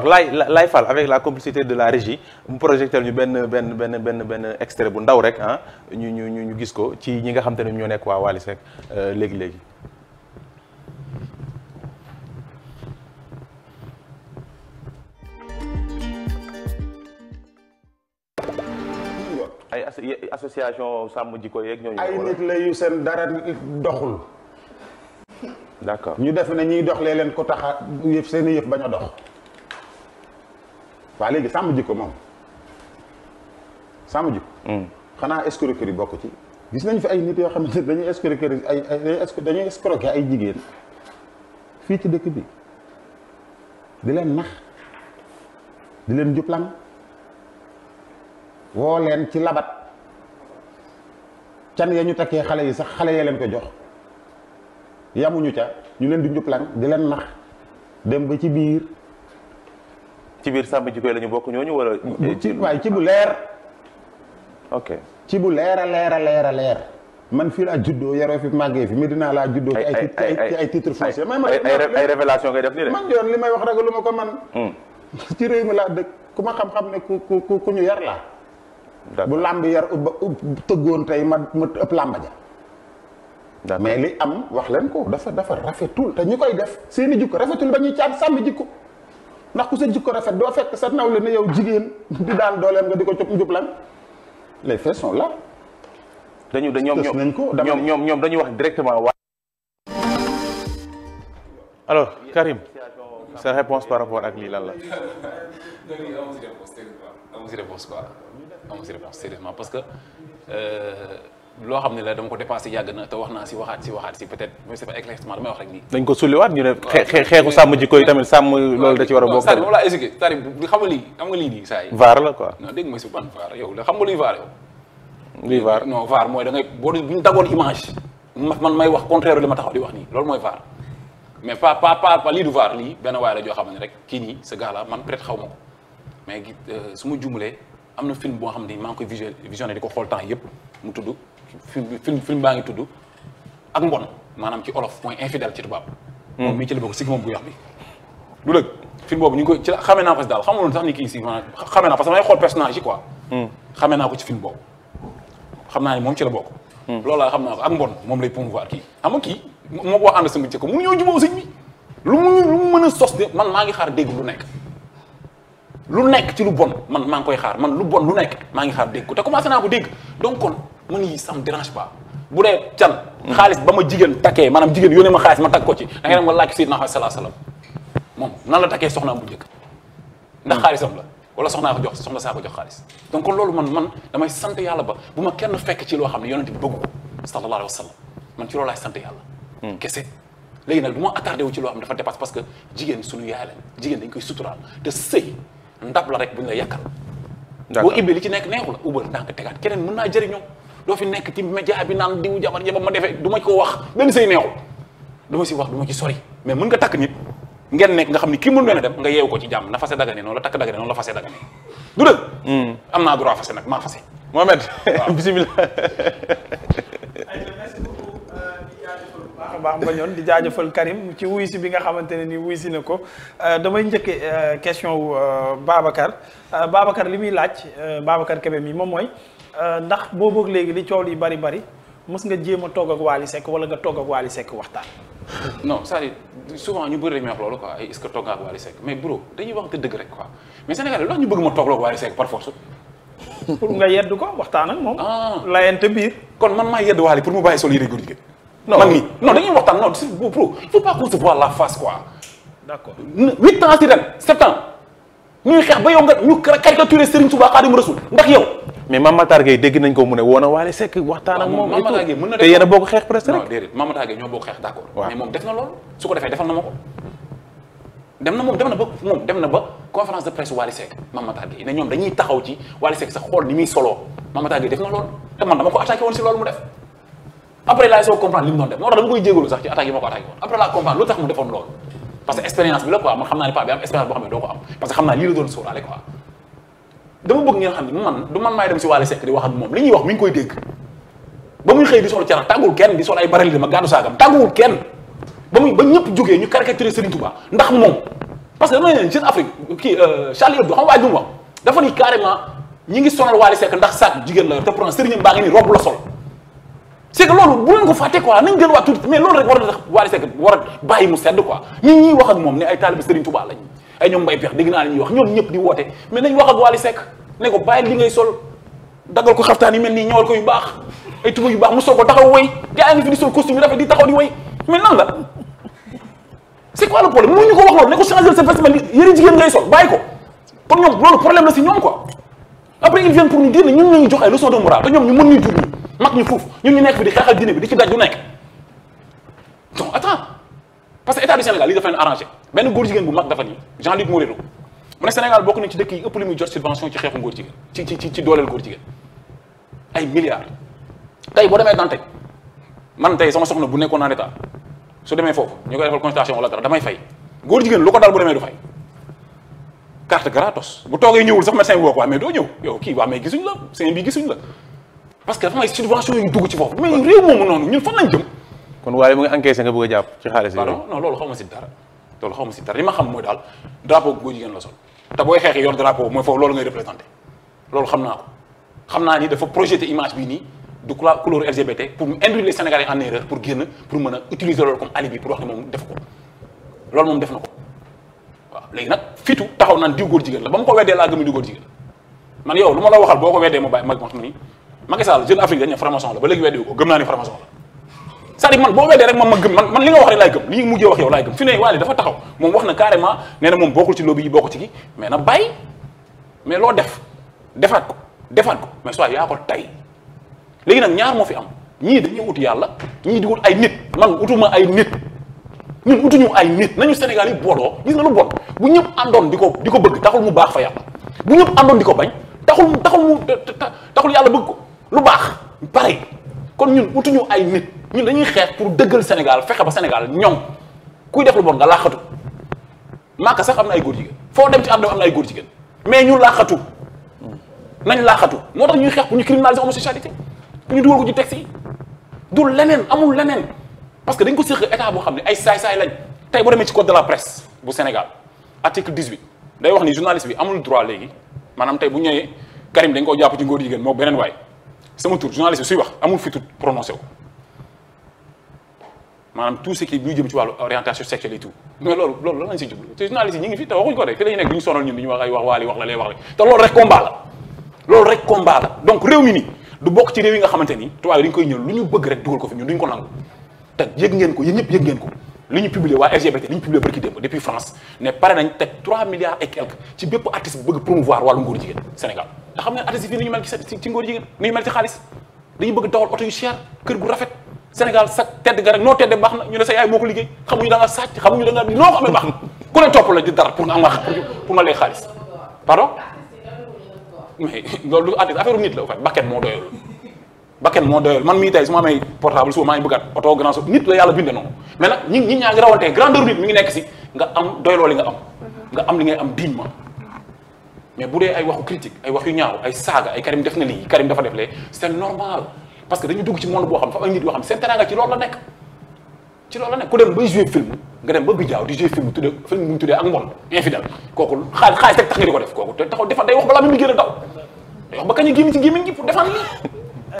parce que laay laay avec la complicité de la régie mu projectel ñu ben, ben, ben, ben benn extrait bu ndaw rek ah ñu ñu ñu gis ko ci ñi nga xam te ne ñoo nekk Walis rek euh, léegi-léegi ay association sàmm jikko yeeg ñooñu. ay nit la yu seen dara doxul. d'accord ñu def na ñi doxlee leen ko tax yef yëf seen i yëf dox. waa léegi sàmm jikko moom sàmm jikko hmm. xanaa yi bokk ci gis nañ fi ay nit yoo xam ne dañuy escroquer ay dañuy escroquer ay jigéen fii ci dëkk bi di leen nax di leen juplan woo leen ci labat can ya ñu takkee xale yi sax xale ya leen ko jox yamuñu ca ñu leen di juplan di leen nax dem ba ci biir ci bir sàmm ci koy lañu ñu bokk ñooñu wala. Eh, hmm. ci way ci bu leer. ok ci bu leer a leer a leer leer. man fi la juddo yaroo fi magge fi Medina la juddo ci ay ci ay titre français may man ay révélation ngay def ni de. man yon limay wax rek luma ko man hmm. ci réew mi la dekk kuma xam-xam ne ku ku ku ñu yar la bu lamb yar ba tëggoon tey ma ma ëpp làmb ja. mais li am wax len ko dafa dafa rafetul te ñukoy def seeni jikko rafetul bañu ci am sàmm jikko ndax ku sa jikko rafet doo fekk sa nawle ne yow jigéen di daal dooleem nga di ko cop lan les faits sont là. dañu da ñoom ñoom ñoom ñoom dañu wax directement waa. alors Karim sa réponse par rapport ak lii lan la. amu si réponse quoi parce que. Euh, loo xam ne la dama ko dépensé yàgg na te wax naa si waxaat si waxaat si peut-être mooy c'est pas éclaircissement damay wax rek nii. dañ ko sulliwaat ñu ne xeexu sàmm jikko yi tamit sàmm loolu da ci war a bokk. Sadio moom laa expliqué Sadio xam nga lii xam nga lii nii saa yi. vaar la quoi. non dégg nga si ban vaar yow la xam nga luy vaar yow. luy vaar non vaar mooy da ngay boo bu ñu image man may wax contraire li ma taxaw di wax nii loolu mooy vaar mais pas pas pas lii du vaar lii benn waay la joo xam rek kii nii ce gars là man peut-être xaw ma ko mais su ma jumulee na film boo xam ne maa ngi koy visionné di ko temps yëpp mu tudd film film baa ngi tudd ak mbon maanaam ci olof mooy infidèle ci tubaab. Hmm. moom mii ci la bokk si moom bu yax bi. lu dëgg film boobu ñu koy ko ci xamee naa ko si daal xamuloon sax ni kii si maanaam xamee naa parce que damay xool personnage hmm. naa ko ci film boobu xam naa ni moom ci la bokk. Hmm. loolu laa xam naa ko ak mbon moom lay promouvoir kii xam nga kii moo ko ànd sa mbir ci ko mu ñëw jubóo sëñ si lu mu lu mu mën a sos de man maa ngi xaar dégg lu nekk. lu nekk ci lu bon man maa ngi koy xaar man lu bon lu nekk maa ngi xaar dégg ko te commencé naa ko dégg donc mën yi sam me dérange pas bu dee can xaalis ba ma jigéen takkee maanaam jigéen yónnee ma xaalis ma takk ko ci da nga dem nga laaj Seydina Muhammad moom nan la takkee soxnaam bu njëkk ndax xaalisam la wala soxnaa ko jox soxna saa ko jox xaalis donc loolu man man damay sant yàlla ba bu ma kenn fekk ci loo xam ne yonent bi bëgg ko sallallahu alayhi wa sallam man ci loolu sant yàlla hmm. kese léegi nag du ma attardé wu ci loo xam dafa dépasse parce que jigéen suñu yaay lañ jigéen dañ koy suturaal te sëy ndab la rek bu ñu la yàkkal boo ibbee li ci nekk neexu la ubal ndànk tegaat keneen mën naa jëriñoo doo fi nekk ci média bi naan diw jabar jabar ma defee du ma ko wax benn say neexul du ma si wax du ma ci sori mais mën nga takk nit ngeen nekk nga xam ni kii mën leen a dem nga yeewu ko ci jàmm na fase dagane noonu la takk dagane noonu la fase dagane du dëgg hmm. am naa droit fase nag maa fase Mohamed bisimilah baax ma bañoon di jaajëfal Karim ci wuy bi nga xamante ne ni wuy si na ko euh, damay njëkk euh, question wu euh, Babacar Babacar li muy laaj Babacar Kébé mii moom mooy Eh, ndax bo bok legui li coow yi bari bari mus nga jema a ak wali sek wala nga togg ak wali sek waxtan non ça à souvent ñu bëri dañuy wax lolu quoi est-ce que ak wali sek mais bro dañuy wax deug rek quoi mais sénégalais lo ñu bëgg ma togg ak wali sek par force. pour nga yedd ko waxtan ak la ah. layante bir kon man ma yedd wali pour mu baye sol yi rek jigéen. non man ni non dañuy waxtan non bro il faut pas qu'on se voit la face quoi. d'accord 8 ans ci ren ans. ñuy xeex ba yow nga ñu caricaturé Serigne Touba Xaadimu Rasul ndax yow mais Mame Matar dégg nañ ko mu ne woon a Wally Seck waxtaan moom te yéen a bokk xeex presque rek non déedéet Mame Matar Gueye ñoo d'accord mais moom def na dem na moom na ba moom dem na ba conférence de presse Wally ne ñoom dañuy taxaw ci Wally Seck sax xool ni muy soloo Mame Matar def na loolu te man dama ko attaqué woon si loolu mu def après laay soo comprendre li mu doon def moo tax dama koy jégalu sax ci attaque yi ma ko attaqué woon lu tax mu defoon lool parce que expérience bi la quoi xam ne pas ko am parce que naa lii la doon sóoraale quoi dama bëgg ngeen xam ne man du man maay si Wally Seck di wax ak li ñuy wax mi ngi koy dégg ba muy xëy di sol carax tàggul kenn di sol ay baril di ma gàddu saagam tàgguwul kenn ba muy ba ñëpp jógee ñu caricaturé Serigne Touba ndax moom parce que dama ne leen Jeune Afrique kii euh, Charlie Hebdo xam waaye du wax dafa ni carrément ñi ngi sonal Wally Seck ndax saak jigéen la yor te pourtant sëriñam baa ni rob la c'est que loolu bu leen ko fàtte waa tuuti mais loolu rek war na tax Wally war a bàyyi mu sedd quoi ñi ñuy wax ak moom ne ay taalibe Serigne Touba ay ñoom mbay pex dégg naa la wax ñoom ñëpp di woote mais nañ yu baax ay tuba yu baax taxaw woy gaa ngi fi di sol costume yi rafet di taxaw di woy mais nan la c'est quoi le problème mu ñu ko wax loolu ne ko changer sa vêtement yëri jigéen ngay sol bàyyi ko kon ñoom loolu problème la si ñoom quoi après ils viennent pour ñu ne ñun jox ay leçon de morale te ñoom ñu mën ñuy jur mag ñu fuuf ñun ñu nekk fi di xeexal dine bi di ci daj du nekk donc attends parce que état du Sénégal lii dafa leen arrangé benn góor jigéen bu mag dafa nii Jean-Luc Moreau bokk nañ ci dëkk yi ëpp li muy jot subvention ci xeexu góor jigéen ci ci ci dooleel góor jigéen ay milliards tey boo demee Dantec man tey sama soxna bu nekkoon en état su demee foofu ñu koy defal consultation wala dara damay fay góor jigéen lu ko daal bu demee du fay carte gratos bu toogee ñëwul sax ma bi woo ko waaye ah, mais doo ñëw yow kii waa ah, mais gisuñ la seen bi gisuñ la parce que dafa may subvention yu dugg ci foofu mais réew moomu noonu ñun fan lañ jëm. kon waaye mu ngi encaissé nga bëgg a jàpp ci xaalis yi. non loolu xaw ma xam naa ko xam naa ni dafa projeté image bi nii du couleur LGBT pour induire les Sénégalais en erreur pour génn pour mën a utiliser loolu comme alibi pour wax ne moom def ko loolu moom def na ko waaw léegi nag fitu taxaw naan diw góor jigéen la ba mu ko weddee laa gëm diw Macky Sall Jeune Afrique dañ ne franc-maçon la ba léegi weddi ko gëm naa ni franc-maçon la cest à man boo weddee rek man ma gëm man man li nga wax rek laay gëm li mujjee wax yow laay gëm fi ne dafa taxaw moom wax na carrément ci lobby yi bokk ci ki mais na mais def defaat ko defaat ko mais soit yaa ko tay lagi nag ñaar moo fi am ñii dañuy ut yàlla ñii di ay nit man utuma ay nit ñun utuñu ay nit nañu Sénégal yi booloo gis nga lu bon bu ñëpp àndoon di ko di ko bëgg taxul mu baax fa yàlla bu ñëpp àndoon di bañ taxul taxul mu taxul bëgg ko lu baax pareil kon ñun utuñu ay nit ñun dañuy xeex pour dëggal Sénégal fexe ba Sénégal ñoom kuy def lu bon nga laaxatu maaka sax am na ay góor jigéen foo dem ci àdduna am na ay góor jigéen mais ñu laaxatu nañ laaxatu moo tax ñuy xeex pour ñu criminaliser homosexualité pour ñu dugal ko ci texte yi du leneen amul leneen parce que dañ ko séq état boo xam ne ay saay-saay lañ tey boo demee ci code de la presse bu Sénégal article 18 day wax ni journaliste bi amul droit léegi maanaam tey bu ñëwee Karim dañ koo jàpp ci góor jigéen moo beneen waay C'est mon tour, journaliste là Je prononcé prononcer prononcer tout ce qui est orientation sexuelle et tout mais loolu loolu lañ c'est te journaliste yi ngi fi te ko rek suis la nekk du sonal ñun di wax ay wax waali wax la lay wax te rek combat donc du ci yi nga koy ñëw bëgg rek ko fi ñun duñ depuis France ne pare nañ 3 milliards et quelques ci bépp artiste bu bëgg promouvoir Sénégal da xam ne artistes yi fii ni ñu mel ci ci ngóor xaalis dañuy bëgg dawal oto yu cher kër gu rafet Sénégal sax tedd nga rek noo tedd baax na ñu ne sa yaay moo ko liggéey xamuñu da nga sàcc xamuñu da nga noo ko dara pour nga xaalis pardon mais loolu artiste affaire nit la fa bakket moo doyal bakket moo doyal man mii tey su ma amee portable suba maa ngi bëggaat oto grand yàlla binde noonu mais nag ñi ñi ñaa ngi rawantee grandeur nit mi ngi nekk si nga am doyloo li nga am mm-hmm. nga am li ngay am dignement mais bu dee ay waxu critique ay wax yu ñaaw ay saaga ay Karim def na lii Karim dafa def lee c'est normal parce que dañu dugg ci monde boo xam fa ay nit yoo xam seen teraanga ci loolu la nekk ci loolu la nekk ku dem bay jouer film nga dem ba bijaaw di jouer film tuddee film bu ñu tuddee ak mbon infidèle kooku xaalis xaalis rek tax nga di ko def kooku te taxaw dafa day wax balaa mi mu gën daw day wax ba kañ a ci gémmiñ gi pour defaan lii